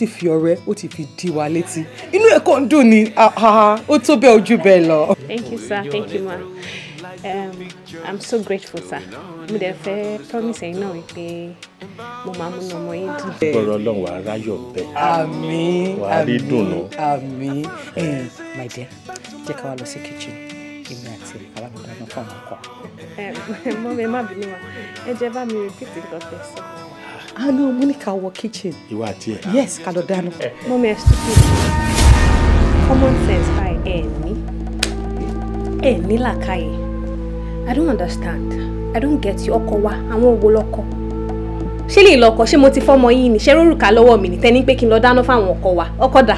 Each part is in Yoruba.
ti fi ọ̀rẹ́ ó ti fi dí wa létí inú ẹ̀ kò ń dùn ni ó tó bẹ́ẹ̀ ojú bẹ́ẹ̀ lọ. thank you sir thank you ma um, i'm so grateful sir mo dẹ̀ fẹ́ promise ẹ̀yin náà wípé mo máa múnú ọmọ yín dùn. gbọ́dọ̀ ọlọ́run wàá ráyọ̀ bẹ́ẹ̀. àmín àmín àmín eh. Eh, my dear jẹ́ ká wá lọ sí kitchen èmi àti alábùdá náà fún àwọn ọkọ. Eh, mọ́mi ẹ má bínú wa ẹ jẹ́ bá mi repeat nǹkan tẹ̀sán ah no mo ní ká wọ kitchen. ìwà àti ẹ. yes ká lọ dáná. mọ́mí ẹ common sense báyìí ẹ ní ẹ ní làkàyè i don't understand i don't get you ọkọ wa àwọn owó lọkọ ṣé lè lọkọ ṣé mo ti fọmọ yìí ni ṣé rúrùkà lọ́wọ́ mi ni tẹni pé kí n lọ dáná fáwọn ọkọ wa ọkọ dà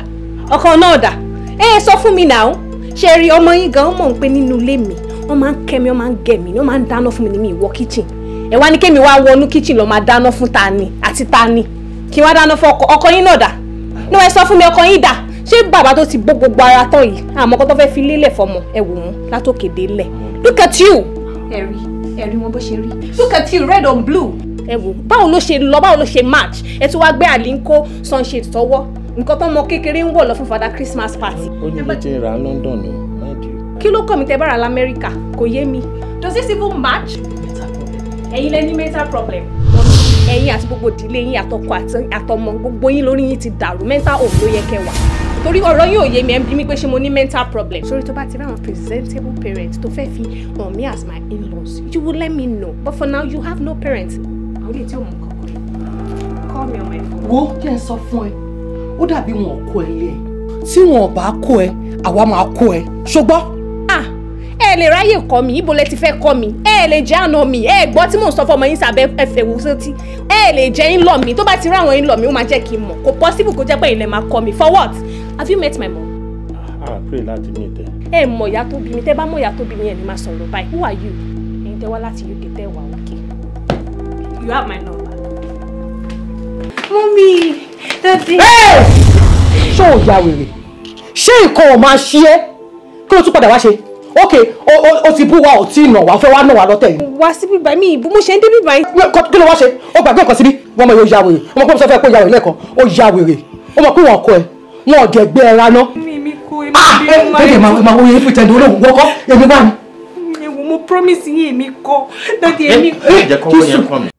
ọkọ náà dà ẹ ẹ sọ fún mi náà ṣe rí ọmọ yín gan ọmọ ń pé nínú ilé mi wọn máa ń kẹ́ mi máa ń gẹ̀ mí wọn máa ń dáná fún mi ní mi ìwọ kitchen ẹ wá ní kémi wá wọnú kíchìn lọ máa dáná fún ta ni àti ta ni kí wá dáná fún ọkọ ọkọ yín náà dà ní wọn ẹ sọ fún mi ọkọ yín dà ṣé bàbá tó ti bó gbogbo ara tán yìí àmọ́ kó tó fẹ́ fi lélẹ̀ fọmọ ẹ wò wọn látòkè délẹ̀ look at you. ẹ̀rí ẹ̀rí wọn bó ṣe rí look at you red on blue. ẹ wò báwo ló ṣe lọ báwo ló ṣe match ẹ tún wá gbé àlínkó sunshade tọwọ́ nǹkan tó mọ kékeré ń wọ̀ lọ fún fada Christmas party. ó ní bí ti ń ra London ni kí ló kọ́ mi tẹ́ bára lamẹ́ríkà kò yé mi. does this even match ẹ̀yin lẹ ní mental problem. ẹ̀yin àti gbogbo ìdílé yín àtọkọ àtọmọ gbogbo yín lórí yín ti dàrú mental home ló yẹ kẹwàá torí ọ̀rọ̀ yín yé mi ẹ̀ ń bí mi pé ṣé mo ní mental problem. sori tó bá ti rí àwọn presentable parents tó fẹ́ fi hàn mí as my in-laws you will let me know but for now you have no parents. àwọn ilé tí ò mú kankan call me on my wo kí ẹ sọ fún ẹ ó dàbí wọn kó ẹ lé ẹ tí wọn ò bá kó ẹ àwa máa kó ẹ ṣùgbọ́n ẹ lè ráyè kọ́ mi ibo lẹ ti fẹ́ kọ́ mi ẹ lè jẹ́ àna mi ẹ gbọ́ tí mò ń sọ fọmọ yín sàbẹ́ ẹfẹ̀ wò sétí ẹ lè jẹ́ yín lọ mi tó bá ti ráwọn yín lọ mi ó máa jẹ́ kí n mọ̀ kò possible kó jẹ́ pé ìlẹ̀ máa kọ́ mi for what have you met my mom. a ah, pray láti mi tẹ. ẹ mọ ìyá tó bí mi tẹ bá mọ ìyá tó bí mi ẹ ní máa sọ̀rọ̀ báyìí who are you ẹ̀yin tẹ wá láti UK tẹ wà òkè you have my number. mummy dadi. ṣé ò ya wèrè ṣé nǹkan ò máa ṣe é kí ló ok o ti bú wa ò tí ì nà wá fẹ́ wá nà wá lọ́tẹ̀ yìí. wá síbí báyìí mi ìbú mo ṣe ń débí báyìí. kí ló wá ṣe ó gbàgbé ọkọ síbí wọn mọ yóò ya wèrè ọmọ pé mo sọ fẹ́ kó ya wèrè lẹ́ẹ̀kan ó ya wèrè ó mọ pé wọn kọ ẹ wọn ò jẹ gbé ẹ ra ná. mi kò èmi ah, eh, bí mo máa ń. bẹ́ẹ̀ máa máa wọlé fún ìtẹ̀dọ̀ olóhùn wọ́kọ́ èmi bá mi. mo promise yín èmi kọ́ dáàdi eh, èmi kọ́. ẹ eh, jẹ́ kọ́kọ́ yẹn kọ́ mi.